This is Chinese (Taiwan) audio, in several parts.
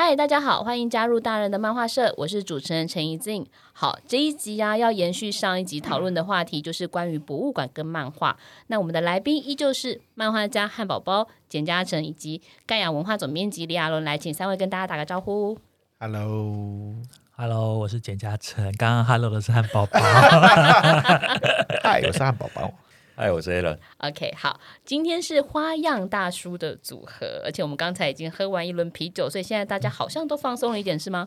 嗨，大家好，歡迎加入大人的漫畫社，我是主持人陳怡靜。好，這一集啊，要延續上一集討論的話題，就是關於博物館跟漫畫。那我們的來賓依舊是漫畫家漢寶包、簡嘉誠以及蓋亞文化總編輯李亞倫，來，請三位跟大家打個招呼。哈囉，哈囉，我是簡嘉誠。剛剛哈嘍的是漢寶包。嗨， 我是漢寶包。哎，我是了 OK 好，今天是花樣大叔的組合，而且我們剛才已經喝完一輪啤酒，所以現在大家好像都放鬆了一點，是嗎？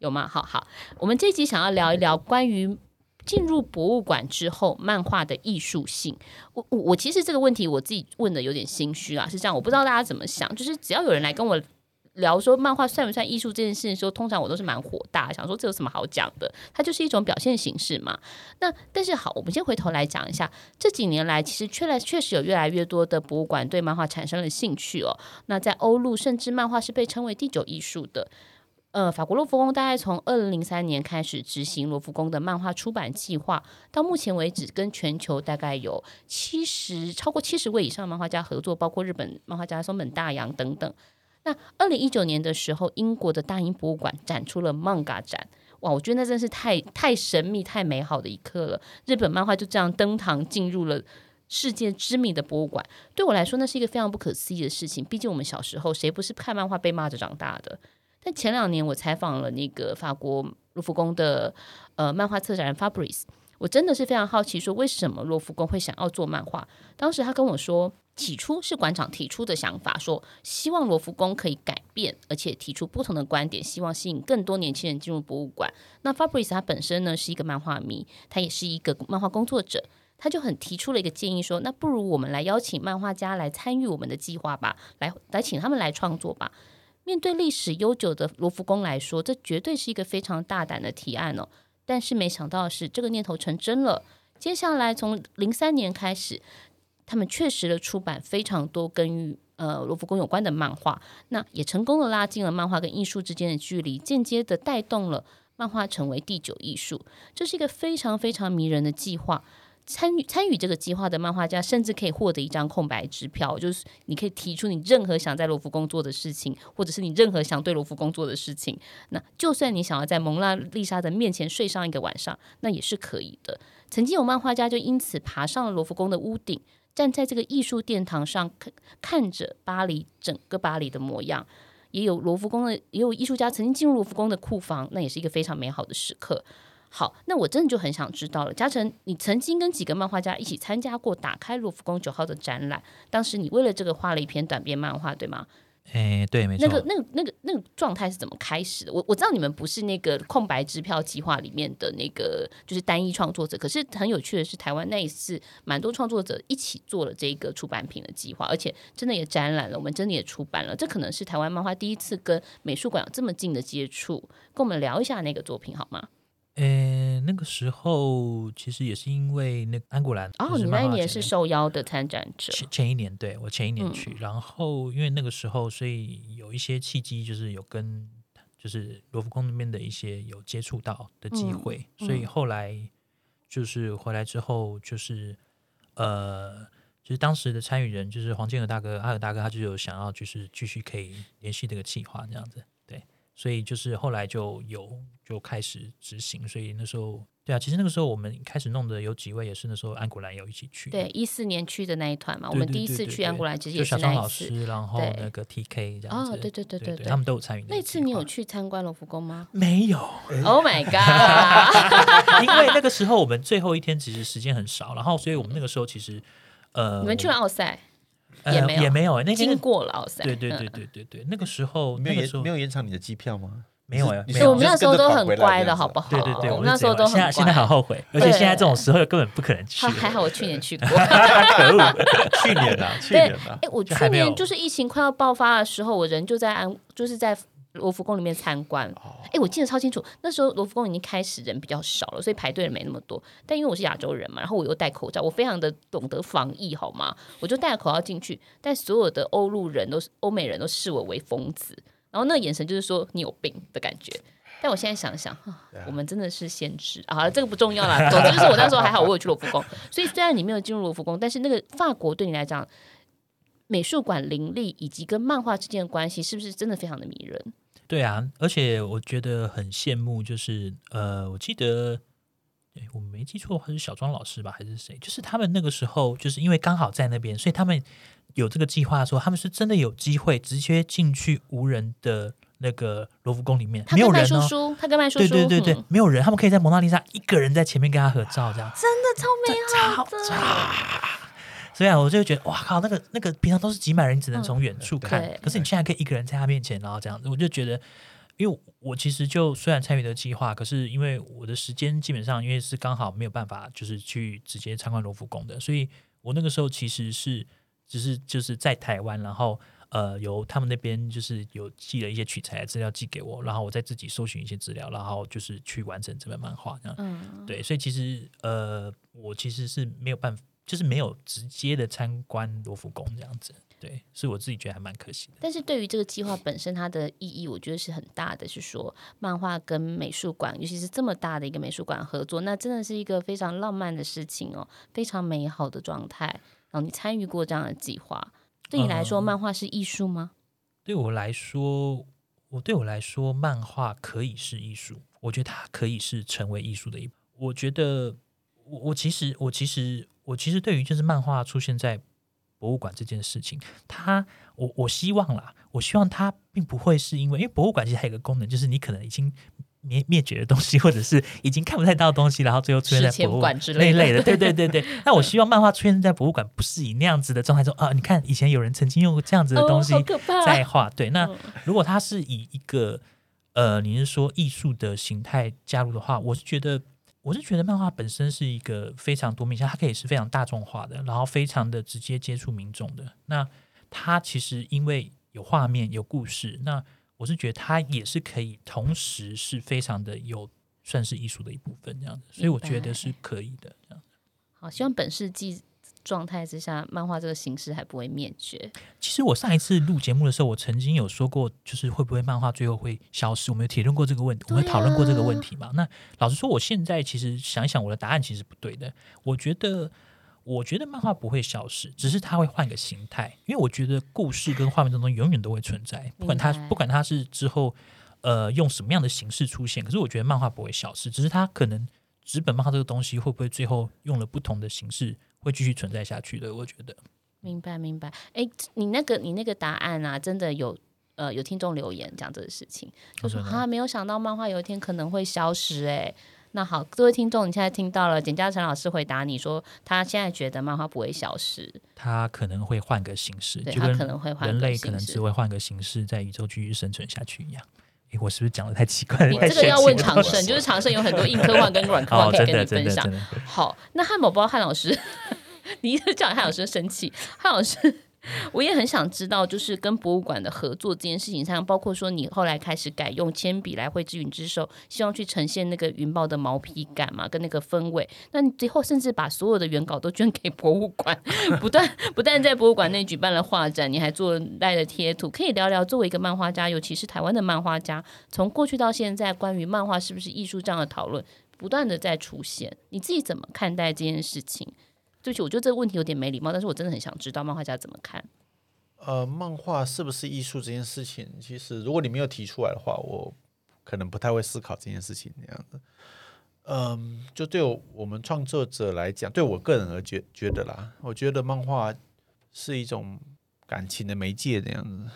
有嗎？好好，我們這集想要聊一聊關於進入博物館之後漫畫的藝術性。我我我，其實這個問題我自己問的有點心虛啊，是這樣，我不知道大家怎麼想，就是只要有人來跟我。聊說漫畫算不算藝術這件事的時候，通常我都是蠻火大，想說這有什麼好講的？它就是一種表現形式嘛。那但是好，我們先回頭來講一下，這幾年來其實確來確實有越來越多的博物館對漫畫產生了興趣哦。那在歐陸，甚至漫畫是被稱為第九藝術的。呃，法國羅浮宮大概從二零零三年開始執行羅浮宮的漫畫出版計劃，到目前為止跟全球大概有七十超過七十位以上的漫畫家合作，包括日本漫畫家松本大洋等等。那二零一九年的時候，英國的大英博物館展出了漫畫展，哇！我覺得那真是太太神秘、太美好的一刻了。日本漫畫就這樣登堂進入了世界知名的博物館，對我來說，那是一個非常不可思議的事情。畢竟我們小時候誰不是看漫畫被罵着長大的？但前兩年我採訪了那個法國盧浮宮的呃漫畫策展人 Fabrice，我真的是非常好奇，說為什麼盧浮宮會想要做漫畫？當時他跟我說。起初是館長提出的想法，說希望羅浮宮可以改變，而且提出不同的觀點，希望吸引更多年輕人進入博物館。那 Fabrice 他本身呢是一個漫畫迷，他也是一個漫畫工作者，他就很提出了一個建議，說那不如我們來邀請漫畫家來參與我們的計劃吧，來來請他們來創作吧。面對歷史悠久的羅浮宮來說，這絕對是一個非常大膽的提案哦。但是沒想到是，這個念頭成真了。接下來從零三年開始。他們確實的出版非常多跟呃羅浮宮有關的漫畫，那也成功的拉近了漫畫跟藝術之間的距離，間接的帶動了漫畫成為第九藝術，這是一個非常非常迷人的計劃。參與參與這個計劃的漫畫家甚至可以獲得一張空白支票，就是你可以提出你任何想在羅浮宮做的事情，或者是你任何想對羅浮宮做的事情。那就算你想要在蒙娜麗莎的面前睡上一個晚上，那也是可以的。曾經有漫畫家就因此爬上了羅浮宮的屋頂。站在這個藝術殿堂上，看看着巴黎整個巴黎的模樣，也有羅浮宮的。也有藝術家曾經進入羅浮宮的庫房，那也是一個非常美好的時刻。好，那我真的就很想知道了，嘉誠，你曾經跟幾個漫畫家一起參加過打開羅浮宮九號的展覽，當時你為了這個畫了一篇短篇漫畫，對嗎？哎、欸，對，沒錯。那個、那個、那個、那個狀態是怎麼開始的？我我知道你們不是那個空白支票計劃裡面的那個，就是單一創作者。可是很有趣的是，台灣那一次蠻多創作者一起做了這個出版品的計劃，而且真的也展覽了，我們真的也出版了。這可能是台灣漫畫第一次跟美術館有這麼近的接觸。跟我們聊一下那個作品好嗎？呃、欸，那個時候其實也是因為那個安古蘭哦，你那一年是受邀的參展者，前前一年，對，我前一年去，嗯，然後因為那個時候，所以有一些契機，就是有跟就是羅浮宮那邊的一些有接觸到的機會、嗯，所以後來就是回來之後，就是、嗯、呃，就是當時的參與人，就是黃建和大哥、阿和大哥，他就有想要就是繼續可以聯繫這個計劃這樣子，對，所以就是後來就有。就開始執行，所以那時候，對啊，其實那個時候我們開始弄的有幾位也是那時候安古蘭有一起去，對，一四年去的那一團嘛對對對對對，我們第一次去安古蘭其實也是當老師一然後那個 TK 這樣子，哦，對對對對，他們都有參與。那次你有去參觀盧浮宮嗎？沒有、欸，Oh my God！ 因為那個時候我們最後一天其實時間很少，然後所以我們那個時候其實，呃，你們去了奧賽、呃，也沒有、呃、也沒有，那個經過了奧賽，對對對對對對，對，對，對呵呵，那個時候沒有、那個、時候沒有延長你的機票嗎？沒有呀，沒有我們那時候都很乖的，的好不好？對對對，我們那時候都很現在現在好後悔，對對對對，而且現在這種時候根本不可能去。還好我去年去過， 去年啊，去年吧哎，我去年就是疫情快要爆發的時候，我人就在安，就是在羅浮宮裡面參觀。哎、哦，我記得超清楚，那時候羅浮宮已經開始人比較少了，所以排隊人沒那麼多。但因為我是亞洲人嘛，然後我又戴口罩，我非常的懂得防疫，好嗎？我就戴口罩進去，但所有的歐陸人都是歐美人都視我為瘋子。然後那個眼神，就是說你有病的感覺，但我現在想想，我們真的是先知啊，好，這個不重要啦。總之就是我那時候還好，我有去了羅浮宮。 所以雖然你沒有進入羅浮宮，但是那個法國對你來講，美術館林立以及跟漫畫之間的關係，是不是真的非常的迷人？對啊，而且我覺得很羨慕，就是呃，我記得。我沒記錯，還是小莊老師吧，還是誰？就是他們那個時候，就是因為剛好在那邊，所以他們有這個計劃說，他們是真的有機會直接進去無人的那個羅浮宮裡面，沒有人呢、哦。他跟麥叔叔，對對對對，對、嗯，沒有人，他們可以在蒙娜麗莎一個人在前面跟他合照，這樣真的超美好的。所以啊，我就覺得哇靠，那個那個平常都是擠滿人，你只能從遠處看，嗯、可是你現在可以一個人在他面前，然後這樣，我就覺得。因為我其實就雖然參與的計劃，可是因為我的時間基本上因為是剛好沒有辦法就是去直接參觀羅浮宮的，所以我那個時候其實是只是就是在台灣，然後呃由他們那邊就是有寄了一些取材的資料寄給我，然後我再自己搜尋一些資料，然後就是去完成這本漫畫這樣。嗯。對，所以其實呃我其實是沒有辦法，就是沒有直接的參觀羅浮宮這樣子。對，是我自己覺得還蠻可惜的。但是對於這個計劃本身，它的意義我覺得是很大的，是說漫畫跟美術館，尤其是這麼大的一個美術館合作，那真的是一個非常浪漫的事情哦，非常美好的狀態。然後你參與過這樣的計劃，對你來說，嗯，漫畫是藝術嗎？對我來說，我對我來說，漫畫可以是藝術，我覺得它可以是成為藝術的一部分。我覺得我，我我其實我其實我其實對於就是漫畫出現在。博物館這件事情，它我我希望啦，我希望它並不會是因為，因為博物館其實還有一個功能，就是你可能已經滅滅絕的東西，或者是已經看不太到的東西，然後最後出現在博物館，館之類的，累累累的，對對對對，對。 那我希望漫畫出現在博物館，不是以那樣子的狀態說啊，你看以前有人曾經用過這樣子的東西在畫，哦啊。對，那如果它是以一個呃，你是說藝術的形態加入的話，我是覺得。我是覺得漫畫本身是一個非常多面向，它可以是非常大眾化的，然後非常的直接接觸民眾的。那它其實因為有畫面、有故事，那我是覺得它也是可以同時是非常的有算是藝術的一部分這樣子，所以我覺得是可以的這樣子。100. 好，希望本世紀。狀態之下，漫畫這個形式還不會滅絕。其實我上一次錄節目的時候，我曾經有說過，就是會不會漫畫最後會消失？我們有討論過這個問題，啊、我們討論過這個問題嘛？那老實說，我現在其實想一想，我的答案其實不對的。我覺得，我覺得漫畫不會消失，只是它會換個形態。因為我覺得故事跟畫面當中永遠都會存在，不管它不管它是之後呃用什麼樣的形式出現。可是我覺得漫畫不會消失，只是它可能紙本漫畫這個東西會不會最後用了不同的形式，會繼續存在下去的，我覺得。明白，明白。誒，你那個，你那個答案啊，真的有呃有聽眾留言講這個事情，嗯、就是啊，沒有想到漫畫有一天可能會消失，欸。誒，那好，各位聽眾，你現在聽到了簡嘉誠老師回答你說，他現在覺得漫畫不會消失，他可能會換個形式，可能會換形式就跟人類可能只會換個形式，嗯、在宇宙繼續生存下去一樣。我是不是講的太奇怪了？ 你這個要問長勝，就是長勝有很多硬科幻跟軟科幻可以跟你分享。 哦，好，那漢寶包，漢老師， 你一直叫漢老師生氣， 漢老師。我也很想知道，就是跟博物館的合作這件事情上，包括說你後來開始改用鉛筆來繪製雲之獸，希望去呈現那個雲豹的毛皮感嘛，跟那個氛圍。那你最後甚至把所有的原稿都捐給博物館，不斷不但在博物館內舉辦了畫展，你還做了賴的貼圖。可以聊聊作為一個漫畫家，尤其是台灣的漫畫家，從過去到現在，關於漫畫是不是藝術這樣的討論，不斷的在出現。你自己怎麼看待這件事情？對不起，我覺得這個問題有點沒禮貌，但是我真的很想知道漫畫家怎麼看。呃，漫畫是不是藝術這件事情，其實如果你沒有提出來的話，我可能不太會思考這件事情那樣子。嗯、呃，就對我們創作者來講，對我個人而覺得覺得啦，我覺得漫畫是一種感情的媒介那樣子。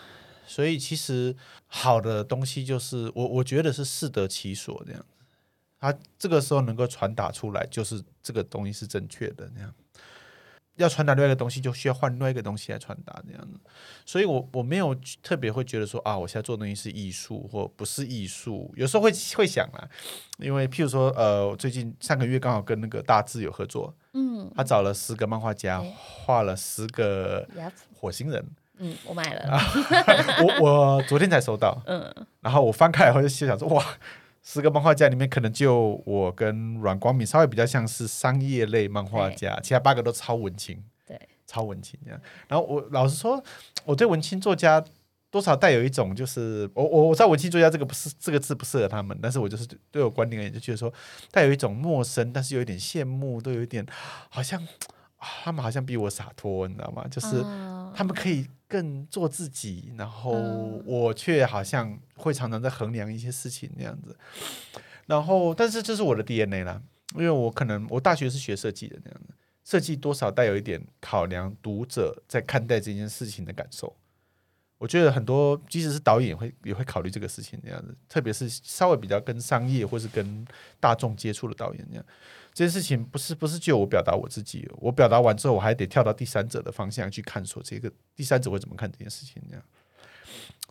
所以其實好的東西就是我我覺得是適得其所這樣子，他、啊、這個時候能夠傳達出來，就是這個東西是正確的那樣。要傳達另外一個東西，就需要換另外一個東西來傳達這樣子，所以我，我我沒有特別會覺得說啊，我現在做的東西是藝術或不是藝術，有時候會會想啊，因為譬如說，呃，最近上個月剛好跟那個大志有合作，嗯，他找了十個漫畫家、哎、畫了十個火星人，嗯，我買了，我我昨天才收到，嗯，然後我翻開以後就想說哇。十個漫畫家裡面，可能就我跟阮光明稍微比較像是商業類漫畫家，其他八個都超文青，對，超文青這樣。然後我老實說，嗯，我對文青作家多少帶有一種，就是我我我知道文青作家這個不是這個字不適合他們，但是我就是對，對我觀點而言，就覺得說帶有一種陌生，但是有一點羨慕，都有一點好像。他們好像比我灑脫，你知道嗎？就是他們可以更做自己，然後我卻好像會常常在衡量一些事情那樣子。然後，但是這是我的 DNA 啦，因為我可能我大學是學設計的那樣子，設計多少帶有一點考量讀者在看待這件事情的感受。我覺得很多即使是導演也會也會考慮這個事情那樣子，特別是稍微比較跟商業或是跟大眾接觸的導演那樣。這件事情不是不是，就我表達我自己，我表達完之後我還得跳到第三者的方向去看，說這個第三者會怎麼看這件事情這樣。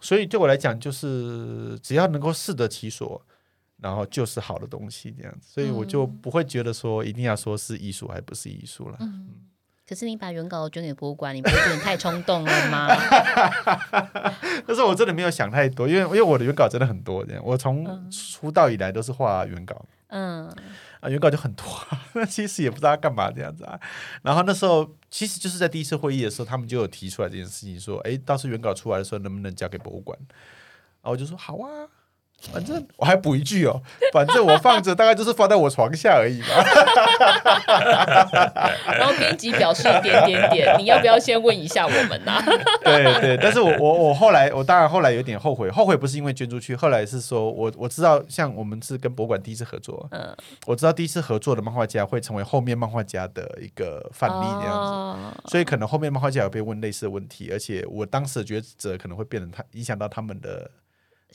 所以對我來講，就是只要能夠適得其所，然後就是好的東西這樣。所以我就不會覺得說一定要說是藝術還不是藝術了。可是你把原稿捐給博物館，你不會太衝動了嗎 ？但是我真的沒有想太多，因為因為我的原稿真的很多，這樣我從出道以來都是畫原稿，嗯，嗯。原稿就很多，那其實也不知道幹嘛這樣子啊。然後那時候其實就是在第一次會議的時候，他們就有提出來這件事情，說，哎，到時候原稿出來的時候能不能交給博物館？然後我就說好啊。反正我還補一句哦，反正我放着，大概就是放在我床下而已吧。 然後編輯表示一點點點，你要不要先問一下我們呢、啊？ 對對，但是我我我後來我當然後來有點後悔，後悔不是因為捐出去，後來是說我我知道，像我們是跟博物館第一次合作，嗯，我知道第一次合作的漫畫家會成為後面漫畫家的一個範例這樣子，哦，所以可能後面漫畫家有被問類似的問題，而且我當時的抉擇可能會變得他影響到他們的，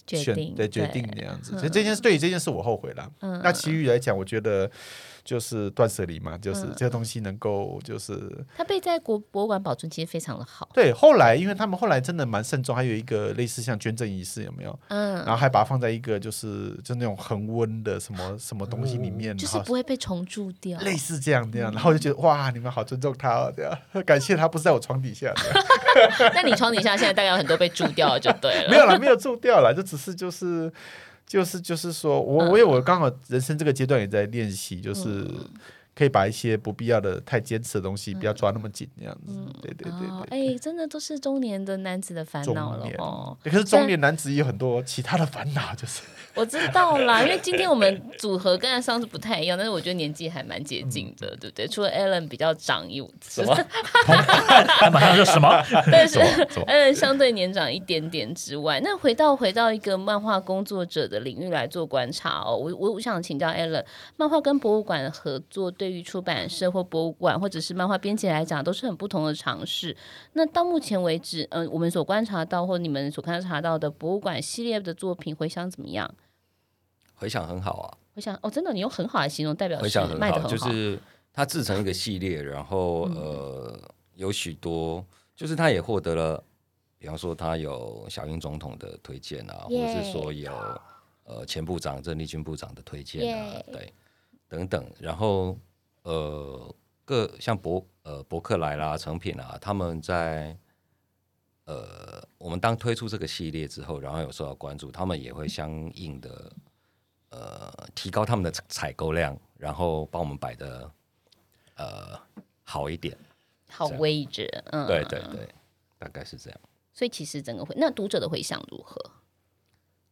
決定選對，對決定的樣子，嗯、所以這件事對於這件事我後悔了、嗯。那其餘來講，我覺得。就是斷捨離嘛，就是、嗯、這個東西能夠就是。它被在國博物館保存，其實非常的好。對，後來因為他們後來真的蠻慎重，還有一個類似像捐贈儀式有沒有？嗯，然後還把它放在一個就是就那種恆溫的什麼什麼東西裡面、嗯，就是不會被蟲蛀掉。類似這樣這樣，嗯、然後就覺得哇，你們好尊重他哦，這樣感謝他不是在我床底下。 那你床底下現在大概有很多被蛀掉了，就對了。 沒有了，沒有蛀掉了，就只是就是。就是就是說，我我我剛好人生這個階段也在練習，就是、嗯。嗯可以把一些不必要的、太堅持的東西，不要抓那麼緊，這樣子、嗯。對對對對，對。哎、哦欸，真的都是中年的男子的煩惱了哦。可是中年男子也有很多其他的煩惱，就是我知道啦， 因為今天我們組合跟上次不太一樣， 但是我覺得年紀還蠻接近的、嗯，對不對？除了 Alan 比較長有，馬上說什麼？ 什麼 但是 Alan、嗯、相對年長一點點之外，那回到回到一個漫畫工作者的領域來做觀察哦，我我我想請教 Alan，漫畫跟博物館合作。對於出版社或博物館，或者是漫畫編輯來講，都是很不同的嘗試。那到目前為止，嗯、呃，我們所觀察到或你們所觀察到的博物館系列的作品回響怎麼樣？回響很好啊！回響哦，真的，你用很好的形容，代表回響很好，賣得很好。就是他製成一個系列， 然後呃，有許多，就是他也獲得了，比方說他有小英總統的推薦啊，yeah. 或者是說有呃前部長鄭麗君部長的推薦啊，yeah. 對，等等，然後。呃，各像博呃博客來啦、誠品啊，他們在呃，我們當推出這個系列之後，然後有受到關注，他們也會相應的呃提高他們的採購量，然後幫我們擺的呃好一點，好位置，嗯，對對對，大概是這樣。所以其實整個回那讀者的回響如何？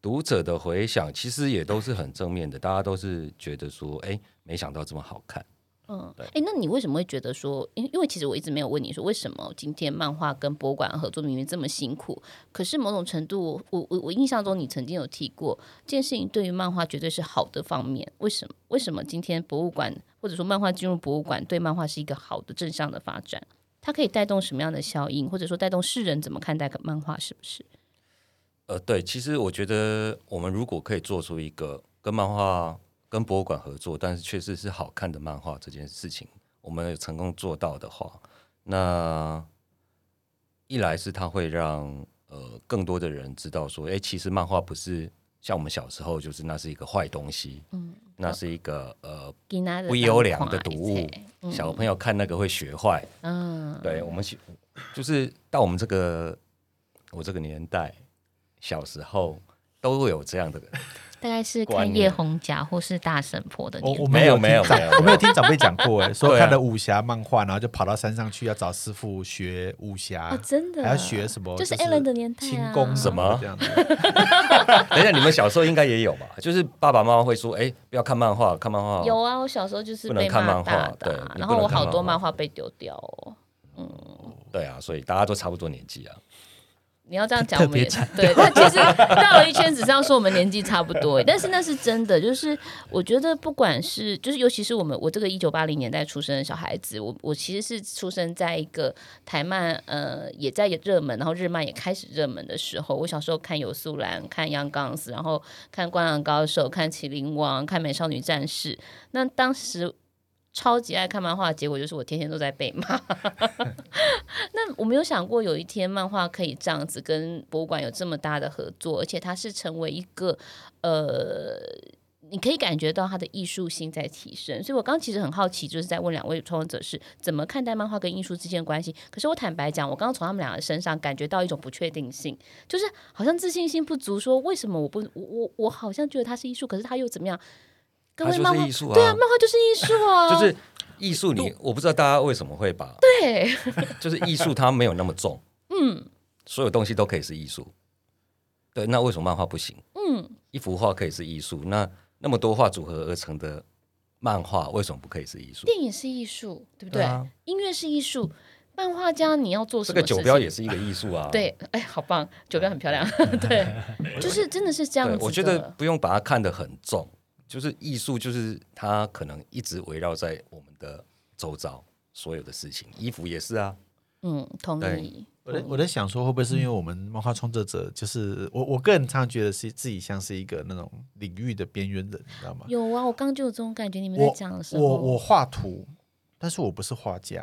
讀者的回響其實也都是很正面的，大家都是覺得說，哎、欸，沒想到這麼好看。嗯，哎、欸，那你為什麼會覺得說，因因為其實我一直沒有問你說，為什麼今天漫畫跟博物館合作明明這麼辛苦，可是某種程度，我我我印象中你曾經有提過這件事情，對於漫畫絕對是好的方面。為什麼？為什麼今天博物館或者說漫畫進入博物館，對漫畫是一個好的正向的發展？它可以帶動什麼樣的效應，或者說帶動世人怎麼看待漫畫？是不是？呃，對，其實我覺得我們如果可以做出一個跟漫畫。跟博物館合作，但是確實是好看的漫畫這件事情，我們有成功做到的話，那一來是它會讓呃更多的人知道說，哎、欸，其實漫畫不是像我們小時候就是那是一個壞東西，嗯，那是一個呃不優良的讀物，嗯，小朋友看那個會學壞，嗯，對，我們就是到我們這個我這個年代小時候都會有這樣的。 大概是看葉宏甲》或是大嬸婆的年代。我我沒有,我沒,有,沒,有沒有，我沒有聽長輩講過、欸，哎、 啊，說看了武俠漫畫，然後就跑到山上去要找師傅學武俠、哦，真的，還要學什麼？就是 Alan 的年代、啊，輕、就、功、是、什麼這樣麼 等一下，你們小時候應該也有吧？就是爸爸媽媽會說，哎、欸，不要看漫畫，看漫畫。有啊，我小時候就是不能看漫畫的、啊漫畫，然後我好多漫畫被丟掉哦、嗯。對啊，所以大家都差不多年紀啊。你要這樣講，我們也 對，但其實繞了一圈，只是要 說我們年紀差不多，但是那是真的。就是我覺得，不管是就是，尤其是我們，我這個一九八零年代出生的小孩子，我我其實是出生在一個台漫呃也在熱門，然後日漫也開始熱門的時候。我小時候看游素蘭，看《楊剛斯》，然後看《灌籃高手》，看《麒麟王》，看《美少女戰士》。那當時。超級愛看漫畫，結果就是我天天都在被罵。那我沒有想過有一天漫畫可以這樣子跟博物館有這麼大的合作，而且它是成為一個呃，你可以感覺到它的藝術性在提升。所以我剛剛其實很好奇，就是在問兩位創作者是怎麼看待漫畫跟藝術之間的關係。可是我坦白講，我剛剛從他們兩個身上感覺到一種不確定性，就是好像自信心不足說，說為什麼我不我我好像覺得它是藝術，可是它又怎麼樣？它就是藝術啊！對啊，漫畫就是藝術啊！ 就是藝術你，你我不知道大家為什麼會把對， 就是藝術，它沒有那麼重。嗯，所有東西都可以是藝術，對，那為什麼漫畫不行？嗯，一幅畫可以是藝術，那那麼多畫組合而成的漫畫為什麼不可以是藝術？電影是藝術，對不對？啊、音樂是藝術，漫畫家你要做什麼，這個酒標也是一個藝術啊！ 對，哎，好棒，酒標很漂亮。 對，就是真的是這樣子的。我覺得不用把它看得很重。就是藝術，就是它可能一直圍繞在我們的周遭，所有的事情，衣服也是啊。嗯，同意。我在我在想說，會不會是因為我們漫畫創作者，就是我，我個人常常覺得是自己像是一個那種領域的邊緣人，你知道嗎？有啊，我剛剛就有這種感覺。你們在講的時候，我我畫圖，但是我不是畫家；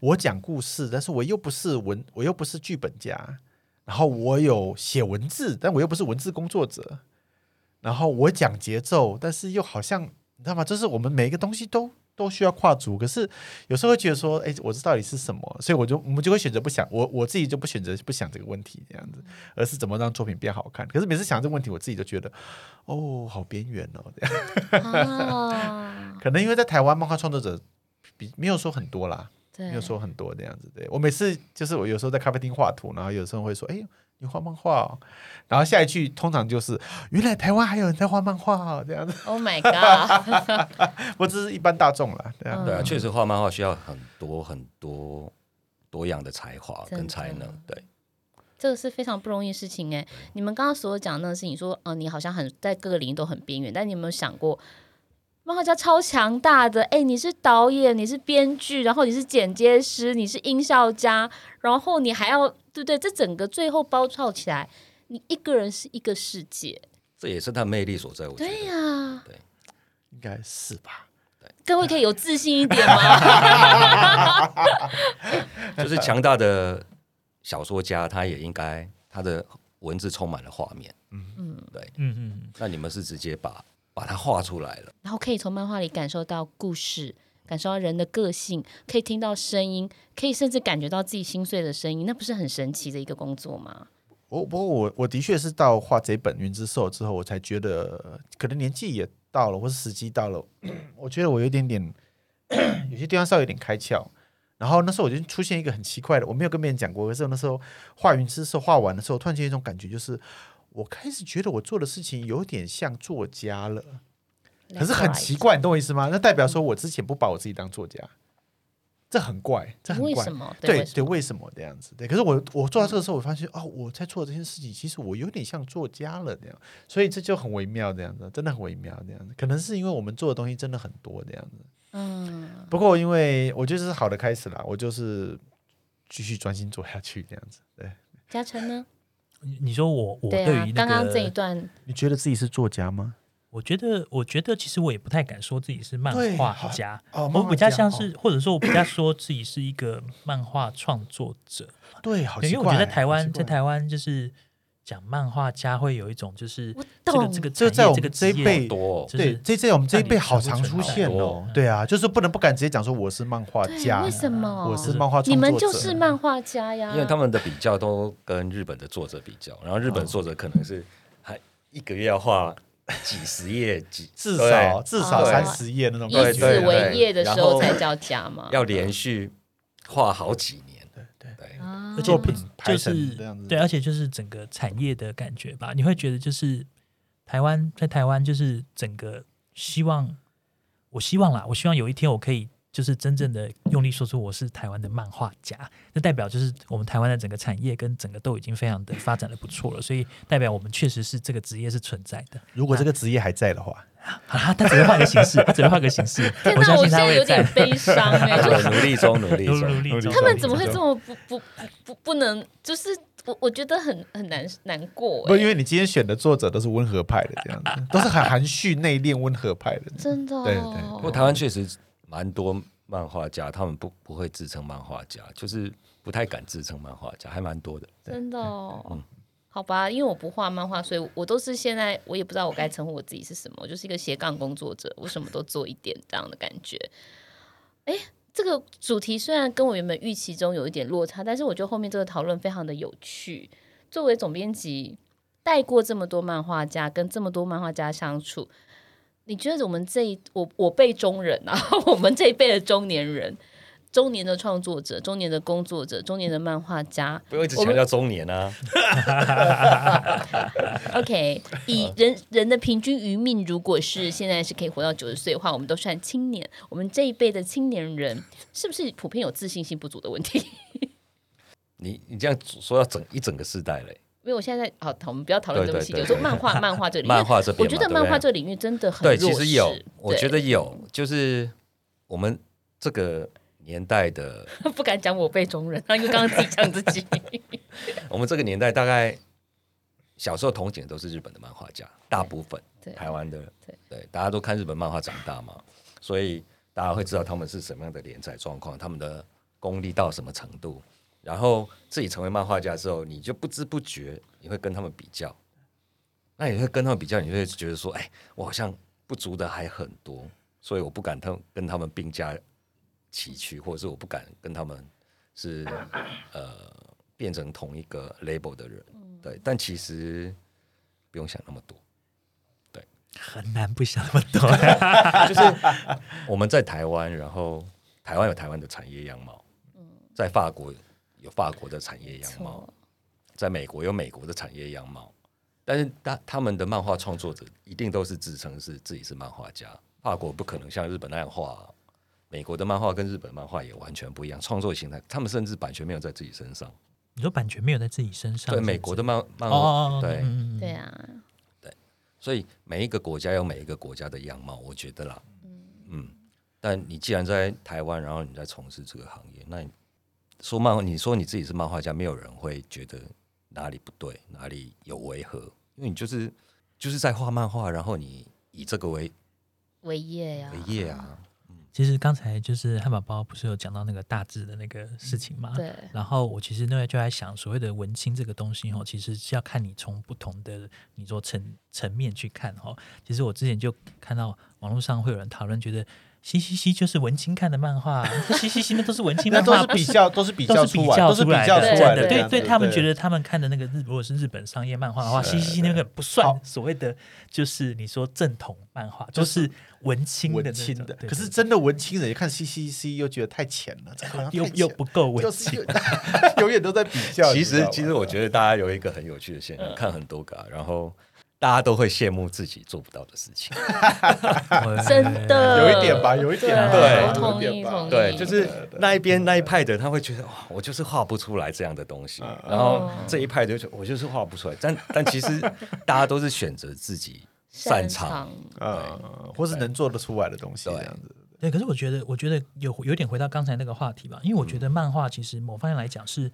我講故事，但是我又不是文，我又不是劇本家。然後我有寫文字，但我又不是文字工作者。然後我講節奏，但是又好像你知道嗎？就是我們每一個東西都都需要跨足，可是有時候會覺得說，哎，我這到底是什麼？所以我就我們就會選擇不想我我自己就不選擇不想這個問題這樣子，而是怎麼讓作品變好看。可是每次想這個問題，我自己就覺得哦，好邊緣哦這樣。啊、 可能因為在台灣漫畫創作者比沒有說很多啦，對沒有說很多這樣子。對我每次就是我有時候在咖啡廳畫圖，然後有時候會說，哎呦。你畫漫畫、哦，然後下一句通常就是“原來台灣還有人在畫漫畫、哦”這樣子。Oh my god！ 不只是一般大眾啦、嗯，對啊，確實畫漫畫需要很多很多多樣的才華跟才能，對。這個是非常不容易的事情哎。你們剛剛所講那個事情，說、呃、你好像很在各個領域都很邊緣，但你有沒有想過，漫畫家超強大的？哎、欸，你是導演，你是編劇，然後你是剪接師，你是音效家，然後你還要。對不對？這整個最後包抄起來，你一個人是一個世界，這也是他的魅力所在。我覺得對呀、對，應該是吧，對。各位可以有自信一點嗎？ 就是強大的小說家，他也應該他的文字充滿了畫面。嗯嗯，對，嗯，嗯嗯。那你們是直接把把它畫出來了，然後可以從漫畫裡感受到故事。感受到人的個性，可以聽到聲音，可以甚至感覺到自己心碎的聲音，那不是很神奇的一個工作嗎？不不，我不過我，我的確是到畫這本《雲之獸》之後，我才覺得、呃、可能年紀也到了，或是時機到了，我覺得我有一點點，有些地方稍微有點開竅。然後那時候我就出現一個很奇怪的，我沒有跟別人講過，可是那時候畫《雲之獸》畫完的時候，我突然間有一種感覺就是，我開始覺得我做的事情有點像作家了。可是很奇怪，你懂我意思嗎？那代表說，我之前不把我自己當作家，這很怪，這很怪。對對，對對為什麼？對對為什麼這樣子？對，可是我我做到這個時候，我發現、嗯、哦，我在做這件事情，其實我有點像作家了這樣。所以這就很微妙，這樣子，真的很微妙，這樣子。可能是因為我們做的東西真的很多，這樣子。嗯。不過因為我就是好的開始了，我就是繼續專心做下去這樣子。對。嘉誠呢？你你說我我對於、那個對啊、剛剛這一段，你覺得自己是作家嗎？我覺得，我覺得其實我也不太敢說自己是漫畫家，哦、畫家我比較像是，哦、或者說，我比較說自己是一個漫畫創作者。對，好奇怪。因為我覺得台灣在台灣就是講漫畫家會有一種就是這個我懂，這個這在我們這一輩，這個就是、一輩對，這在我們這一輩好常出現哦、嗯。對啊，就是不能不敢直接講說我是漫畫家，為什麼？我是漫畫，你們就是漫畫家呀。因為他們的比較都跟日本的作者比較，然後日本作者可能是還一個月要畫。 幾十頁，幾至少至少三十頁那種感覺，以紙為頁的時候才叫家嘛。然後要連續畫好幾年，對對對，對對對，而且就是這樣子對，而且就是整個產業的感覺吧。你會覺得就是台灣，在台灣就是整個希望，我希望啦，我希望有一天我可以。就是真正的用力說出我是台灣的漫畫家，那代表就是我們台灣的整個產業跟整個都已經非常的發展得不錯了，所以代表我們確實是這個職業是存在的。如果這個職業還在的話啊，啊，啊，他只能換個形式，他只能換個形式。天 哪，我現在有點悲傷，欸就是，努力中，努力中，努力中。他們怎麼會這麼不不不不能？就是我我覺得很很難難過欸。不，因為你今天選的作者都是溫和派的，這樣子都是很含蓄內斂，溫和派的。 真的，哦，對，不過，哦，台灣確實。蠻多漫畫家，他們不不會自稱漫畫家，就是不太敢自稱漫畫家，還蠻多的。真的哦，嗯，好吧，因為我不畫漫畫，所以我都是現在我也不知道我該稱呼我自己是什麼，我就是一個斜槓工作者，我什麼都做一點這樣的感覺。欸，這個主題雖然跟我原本預期中有一點落差，但是我覺得後面這個討論非常的有趣。作為總編輯，帶過這麼多漫畫家，跟這麼多漫畫家相處，你覺得我們這一我我輩中人啊，我們這一輩的中年人、中年的創作者、中年的工作者、中年的漫畫家，不用一直強調到中年啊。 OK，以人人的平均餘命，如果是現在是可以活到九十歲的話，我們都算青年。我們這一輩的青年人，是不是普遍有自信心不足的問題？ 你你這樣說要整一整個世代嘞。因為我現在啊，我們不要討論這麼細節。我說漫畫，漫畫這裡面 漫畫這邊，我覺得漫畫這領域真的很弱勢，對，其實有，我覺得有，就是我們這個年代的 不敢講我輩中人，那因為剛剛自己講自己。 我們這個年代大概小時候同景都是日本的漫畫家，大部分對台灣的對，對，對，大家都看日本漫畫長大嘛，所以大家會知道他們是什麼樣的連載狀況，他們的功力到什麼程度。然後自己成為漫畫家之後，你就不知不覺你會跟他們比較，那你會跟他們比較，你會覺得說，哎，我好像不足的還很多，所以我不敢他跟他們並駕齊驅，或者是我不敢跟他們是呃變成同一個 label 的人，嗯，對，但其實不用想那麼多，對，很難不想那麼多，啊， 就是我們在台灣，然後台灣有台灣的產業樣貌，在法國。有法國的產業樣貌，在美國有美國的產業樣貌，但是他他們的漫畫創作者一定都是自稱是自己是漫畫家。法國不可能像日本那樣畫，美國的漫畫跟日本漫畫也完全不一樣，創作形態。他們甚至版權沒有在自己身上。你說版權沒有在自己身上？對，是不是？美國的漫漫畫，oh, 對、um, 對啊，對，所以每一個國家有每一個國家的樣貌，我覺得啦，嗯，嗯但你既然在台灣，然後你在從事這個行業，那你。說漫畫你說你自己是漫畫家，沒有人會覺得哪裡不對，哪裡有違和，因為你就是就是在畫漫畫，然後你以這個為為業呀、啊，為業啊、嗯。其實剛才就是漢寶包不是有講到那個大字的那個事情嘛、嗯？對。然後我其實那個就在想，所謂的文青這個東西哦，其實是要看你從不同的你說層層面去看哦，其實我之前就看到網絡上會有人討論，覺得。C C C 就是文青看的漫畫 ，C C C 那都是文青漫畫，那 都是比較，都是比較，都是比較出來的。對，對，對，對，對，對，他們覺得他們看的那個日，如果是日本商業漫畫的話，C C C 那個不算所謂的，就是你說正統漫畫，就是文青的，那種文青的對對對。可是真的文青人一看 C C C 又覺得太淺了，又又不夠文青，就是、有 永遠都在比較。 其實，其實我覺得大家有一個很有趣的現象、嗯，看很多個、啊，然後。大家都會羨慕自己做不到的事情， 真的有一點吧，有一點吧對，對,對，對，就是那一邊那一派的他會覺得哇，我就是畫不出來這樣的東西，嗯、然後這一派的就我就是畫不出來，嗯、但、嗯、但，但其實大家都是選擇自己擅長場嗯，或是能做得出來的東西這樣子。對，對可是我覺得，我覺得有有點回到剛才那個話題吧，因為我覺得漫畫其實某方面來講是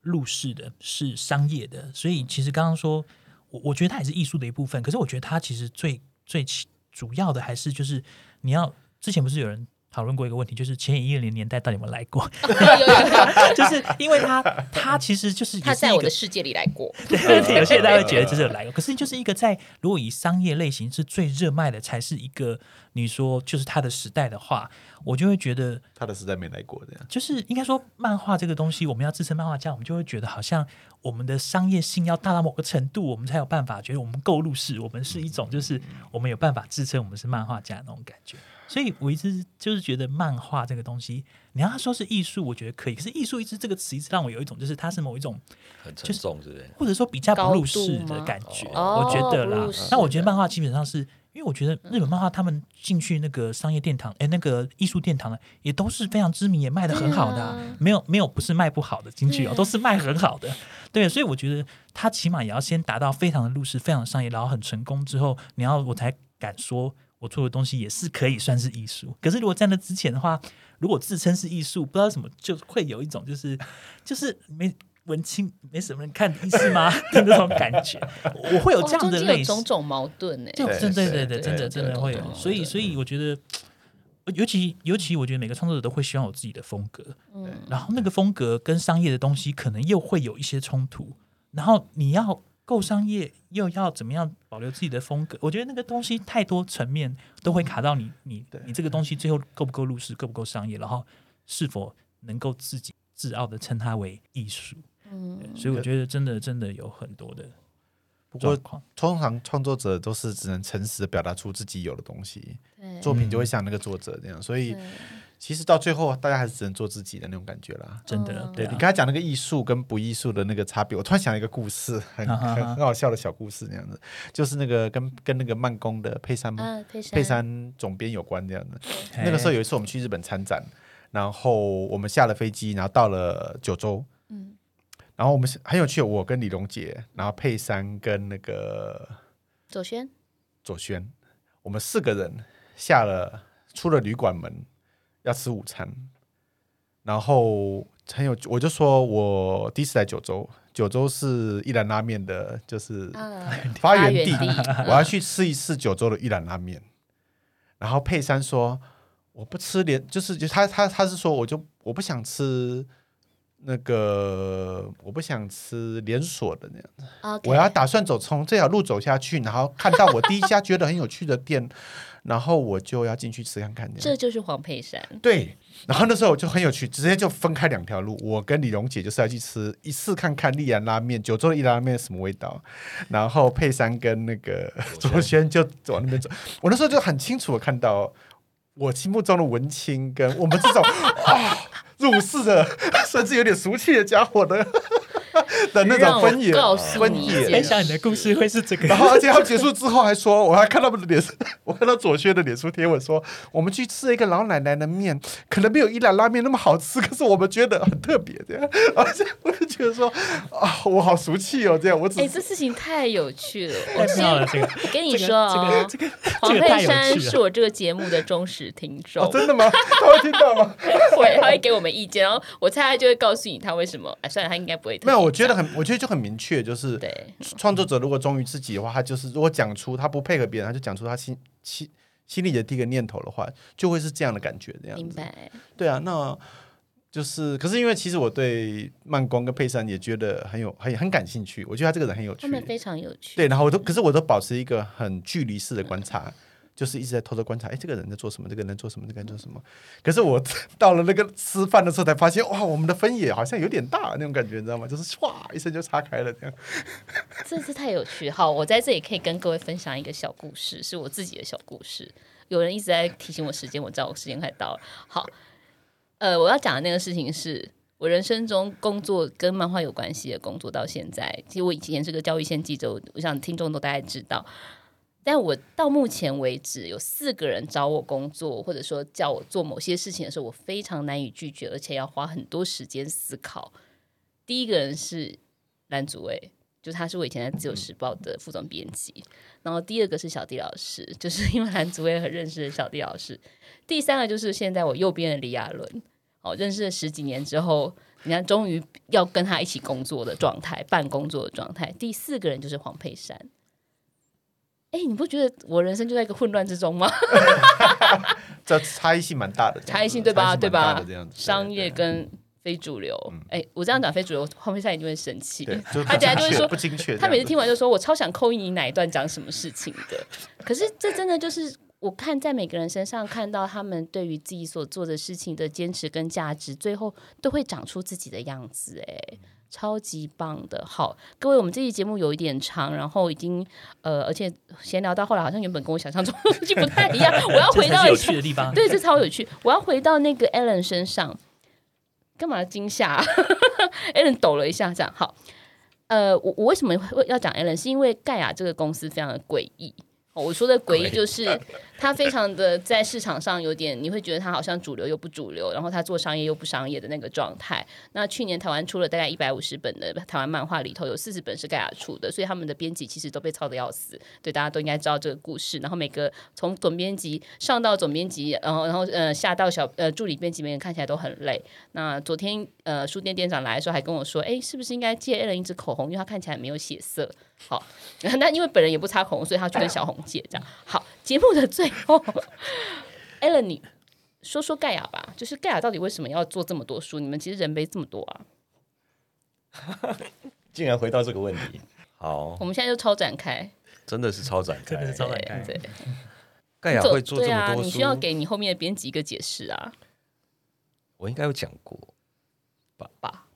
入世的，是商業的，所以其實剛剛說。我我覺得它也是藝術的一部分，可是我覺得它其實最最主要的還是就是你要，之前不是有人。討論過一個問題，就是前一零零年代到底有沒有來過？ 就是因為他，他其實就是他在我的世界裡來過。 對，有些人他會覺得這是有來過， 可是就是一個在如果以商業類型是最熱賣的，才是一個你說就是他的時代的話，我就會覺得他的時代沒來過。的樣就是應該說，漫畫這個東西，我們要自稱漫畫家，我們就會覺得好像我們的商業性要大到某個程度，我們才有辦法覺得我們夠入世，我們是一種就是我們有辦法自稱我們是漫畫家的那種感覺。所以我一直就是覺得漫畫這個東西，你要說是藝術，我覺得可以。可是“藝術”一直這個詞，一直讓我有一種就是它是某一種很沉重，是，就，不是？或者說比較不入世的感覺，哦，我覺得啦，哦。那我覺得漫畫基本上是因為我覺得日本漫畫他們進去那個商業殿堂，誒、嗯欸，那個藝術殿堂呢，也都是非常知名，也賣得很好的，啊嗯啊。沒有沒有不是賣不好的，進去，啊嗯啊，都是賣很好的。對，所以我覺得它起碼也要先達到非常的入世、非常的商業，然後很成功之後，你要我才敢說。我做的東西也是可以算是藝術，可是如果在那之前的話，如果自稱是藝術，不知道什麼就會有一種就是就是沒文青，沒什麼人看的意思嗎的 那種感覺 我？我會有這樣的類、哦、種種矛盾呢？就真的對，的真的真的，對對對真的會有，所以所以我覺得，對對對尤其尤其我覺得每個創作者都會希望有自己的風格，嗯，然後那個風格跟商業的東西可能又會有一些衝突，然後你要。夠商業又要怎麼樣保留自己的風格？我覺得那個東西太多層面都會卡到你，你你這個東西最後夠不夠入市，夠不夠商業，然後是否能夠自己自傲的稱它為藝術？嗯，所以我覺得真的真的有很多的，不過通常創作者都是只能誠實的表達出自己有的東西，作品就會像那個作者這樣，所以。其實到最後，大家還是只能做自己的那種感覺了，真的。對、嗯、你剛才講那個藝術跟不藝術的那個差別，我突然想一個故事，很、啊、哈哈很很好笑的小故事，這樣子，就是那個跟跟那個慢工的珮珊，配、啊、佩，珮珊總編有關這樣子。那個時候有一次我們去日本參展，然後我們下了飛機，然後到了九州，嗯、然後我們很有趣，我跟李隆傑，然後珮珊跟那個左萱，左萱，我們四個人下了出了旅館門，要吃午餐，然後很有我就說我第一次來九州，九州是一蘭拉麵的，就是發源地、嗯、地。我要去吃一次九州的一蘭拉麵、嗯，然後佩珊說我不吃連，就是、就是、他他他是說我就我不想吃那個，我不想吃連鎖的那樣子。Okay. 我要打算走從這條路走下去，然後看到我第一家覺得很有趣的店。 然後我就要進去吃看看，這就是黃佩珊。對，然後那時候我就很有趣，直接就分開兩條路，我跟李榮姐就是要去吃一次看看麗安拉麵、九州一拉面什麼味道，然後佩珊跟那個卓軒就往那邊走我。我那時候就很清楚的看到，我心目中的文青跟我們這種啊、 哦、入世的 甚至有點俗氣的家伙的。的那種分野，告訴你分野，分享你的故事會是這個。 然後，而且他結束之後還說，我還看到我的臉，我看到左軒的臉書貼文說，我們去吃了一個老奶奶的麵，可能沒有伊朗拉麵那麼好吃，可是我們覺得很特別這樣，而且，我就覺得說，啊，我好俗氣哦，這樣。我，哎、欸，這事情太有趣了。我笑了，這個我跟，你、這個、跟你說、哦、這個這個、這個、黃佩珊是我這個節目的忠實聽眾、哦，真的嗎？他會聽到嗎？ 會，他會給我們意見，然後我猜他就會告訴你他為什麼。哎、啊，算了，他應該不會聽。沒有，我覺得。很，我覺得就很明確，就是創作者如果忠於自己的話，他就是如果講出他不配合別人，他就講出他心心心裡的第一個念頭的話，就會是這樣的感覺，這樣明白。對啊，那就是，可是因為其實我對曼光跟佩珊也覺得很有、很很感興趣，我覺得他這個人很有趣，他們非常有趣。對，然後我都，可是我都保持一個很距離式的觀察。嗯就是一直在偷偷觀察，哎，這個人在做什麼？這個人在做什麼？這個人在做什麼？可是我到了那個吃飯的時候，才發現，哇，我們的分野好像有點大，那種感覺，你知道嗎？就是唰一聲就岔開了。這樣，真是太有趣。好，我在這裡可以跟各位分享一個小故事，是我自己的小故事。有人一直在提醒我時間，我知道我時間快到了。好，呃，我要講的那個事情是我人生中工作跟漫畫有關係的工作，到現在，其實我以前是個教育線記者，我想聽眾都大概知道。但我到目前為止有四個人找我工作，或者說叫我做某些事情的時候，我非常難以拒絕，而且要花很多時間思考。第一個人是藍祖蔚，就他是我以前在《自由時報》的副總編輯。然後第二個是小迪老師，就是因為藍祖蔚很認識的小迪老師。第三個就是現在我右邊的李亞倫，哦，認識了十幾年之後，你看，終於要跟他一起工作的狀態，半工作的狀態。第四個人就是黃佩珊。哎、欸，你不覺得我人生就在一個混亂之中嗎？這 差異性蠻大的差，差異性對吧？對吧？對對對，商業跟非主流。哎、嗯欸，我這樣講非主流，嗯、後面下一位就會生氣。他等下就會說不精確。他每次聽完就說，我超想扣你哪一段講什麼事情的。 可是這真的就是我看在每個人身上看到他們對於自己所做的事情的堅持跟價值，最後都會長出自己的樣子。哎、欸。嗯超級棒的，好，各位，我們這期節目有一點長，然後已經呃，而且閒聊到後來，好像原本跟我想象中的東西 不太一樣。 我要回到有趣的地方，對，這超有趣。 我要回到那個 Alan 身上，幹嘛驚嚇？Alan 抖了一下，這樣好。呃，我我為什麼要講 Alan 是因為蓋亞這個公司非常的詭異。我說的詭異就是。 他非常的在市場上有點，你會覺得他好像主流又不主流，然後他做商業又不商業的那個狀態。那去年台灣出了大概一百五十本的台灣漫畫，裡頭有四十本是蓋亞出的，所以他們的編輯其實都被操的要死。對，大家都應該知道這個故事。然後每個從總編輯上到總編輯，然後然後呃下到小呃助理編輯，每個人看起來都很累。那昨天呃書店店長來的時候還跟我說，哎，是不是應該借一人一支口紅，因為他看起來沒有血色。好，那因為本人也不擦口紅，所以他去跟小紅借。這樣，好，節目的最。Ellen 你說說蓋亞吧，就是蓋亞到底為什麼要做這麼多書？你們其實人沒這麼多啊！ 竟然回到這個問題， 好，我們現在就超展開，真的是超展開， 真的蓋亞會做這麼多書，對啊，你需要給你後面的編輯一個解釋啊。我應該有講過吧，爸爸。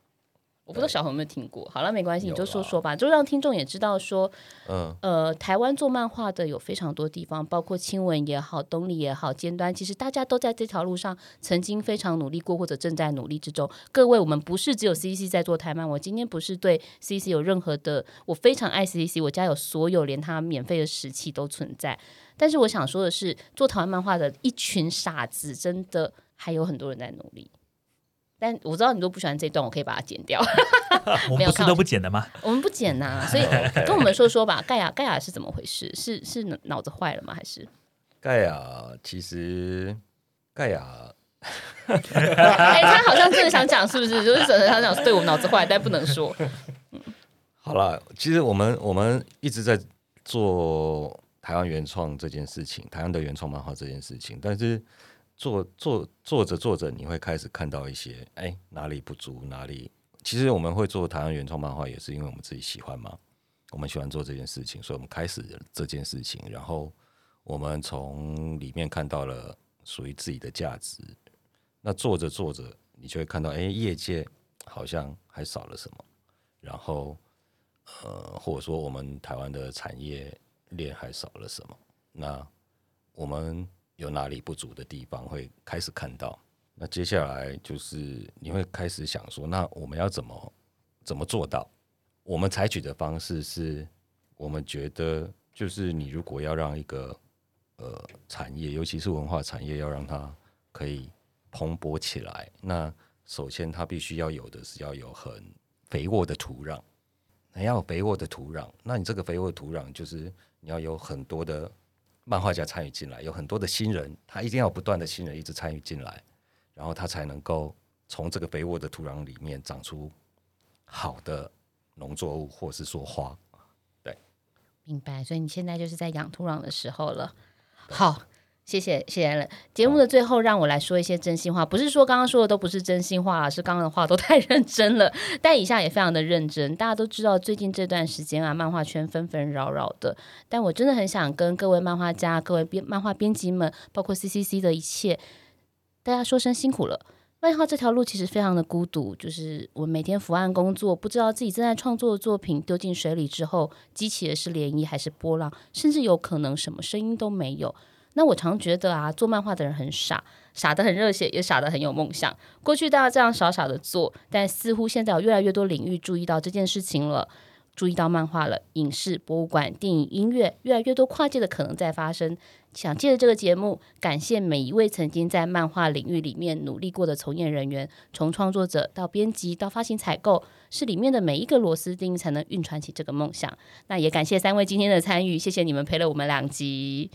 我不知道小紅有沒有聽過，好了，沒關係，你就說說吧，就讓聽眾也知道說，嗯、呃，台灣做漫畫的有非常多地方，包括青文也好，東立也好，尖端，其實大家都在這條路上曾經非常努力過，或者正在努力之中。各位，我們不是只有 CC 在做台漫，我今天不是對 CC 有任何的，我非常愛 CC，我家有所有，連他免費的時期都存在。但是我想說的是，做台灣漫畫的一群傻子，真的還有很多人在努力。但我知道你都不喜歡這段，我可以把它剪掉。 我們不是都不剪的嗎？ 我們不剪吶、啊，所以跟我們說說吧，蓋亞蓋亞是怎麼回事？是是腦子壞了嗎？還是蓋亞？其實蓋亞，哎、 欸，他好像真的想講，是不是？就是真的想講，是對我們腦子壞，但不能說。嗯、好了，其實我們我們一直在做台灣原創這件事情，台灣的原創漫畫這件事情，但是。做做做着做着，做做做著做著，你會開始看到一些，哎、欸，哪裡不足，哪裡？其實我們會做台灣原創漫畫，也是因為我們自己喜歡嘛，我們喜歡做這件事情，所以我們開始這件事情，然後我們從裡面看到了屬於自己的價值。那做着做着，你就會看到，哎、欸，業界好像還少了什麼，然後，呃，或者說我們台灣的產業鏈還少了什麼？那我們。有哪裡不足的地方，會開始看到。那接下來就是你會開始想說，那我們要怎麼怎麼做到？我們採取的方式是，我們覺得就是你如果要讓一個呃產業，尤其是文化產業，要讓它可以蓬勃起來，那首先它必須要有的是要有很肥沃的土壤。要有肥沃的土壤，那你這個肥沃的土壤就是你要有很多的漫畫家參與進來，有很多的新人，他一定要不斷的新人一直參與進來，然後他才能夠從這個肥沃的土壤裡面長出好的農作物，或是說花，對，明白。所以你現在就是在養土壤的時候了，好。謝謝，謝謝了。節目的最後，讓我來說一些真心話，不是說剛剛說的都不是真心話啊，是剛剛的話都太認真了。但以下也非常的認真。大家都知道，最近這段時間啊，漫畫圈紛紛擾擾的。但我真的很想跟各位漫畫家、各位編漫畫編輯們，包括 CCC 的一切，大家說聲辛苦了。漫畫這條路其實非常的孤獨，就是我每天伏案工作，不知道自己正在創作的作品丟進水裡之後，激起的是漣漪還是波浪，甚至有可能什麼聲音都沒有。那我常覺得啊，做漫畫的人很傻，傻得很熱血，也傻得很有夢想。過去大家這樣傻傻的做，但似乎現在有越來越多領域注意到這件事情了，注意到漫畫了，影視、博物館、電影、音樂，越來越多跨界的可能在發生。想借着這個節目，感謝每一位曾經在漫畫領域裡面努力過的從業人員，從創作者到編輯到發行採購，是裡面的每一個螺絲釘才能運轉起這個夢想。那也感謝三位今天的參與，謝謝你們陪了我們兩集。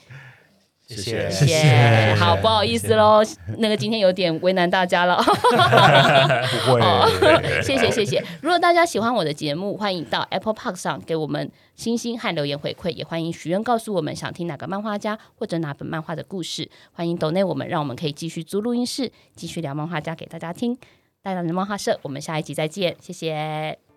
謝謝,謝，謝，謝，謝，謝謝。好，不好意思嘍，那個今天有點為難大家了。不會，謝謝謝謝。 如果大家喜歡我的節目，歡迎到 Apple Park 上給我們星星和留言回饋，也歡迎許願告訴我們想聽哪個漫畫家或者哪本漫畫的故事。歡迎斗內我們，讓我們可以繼續租錄音室，繼續聊漫畫家給大家聽。大人的漫畫社，我們下一集再見，謝謝。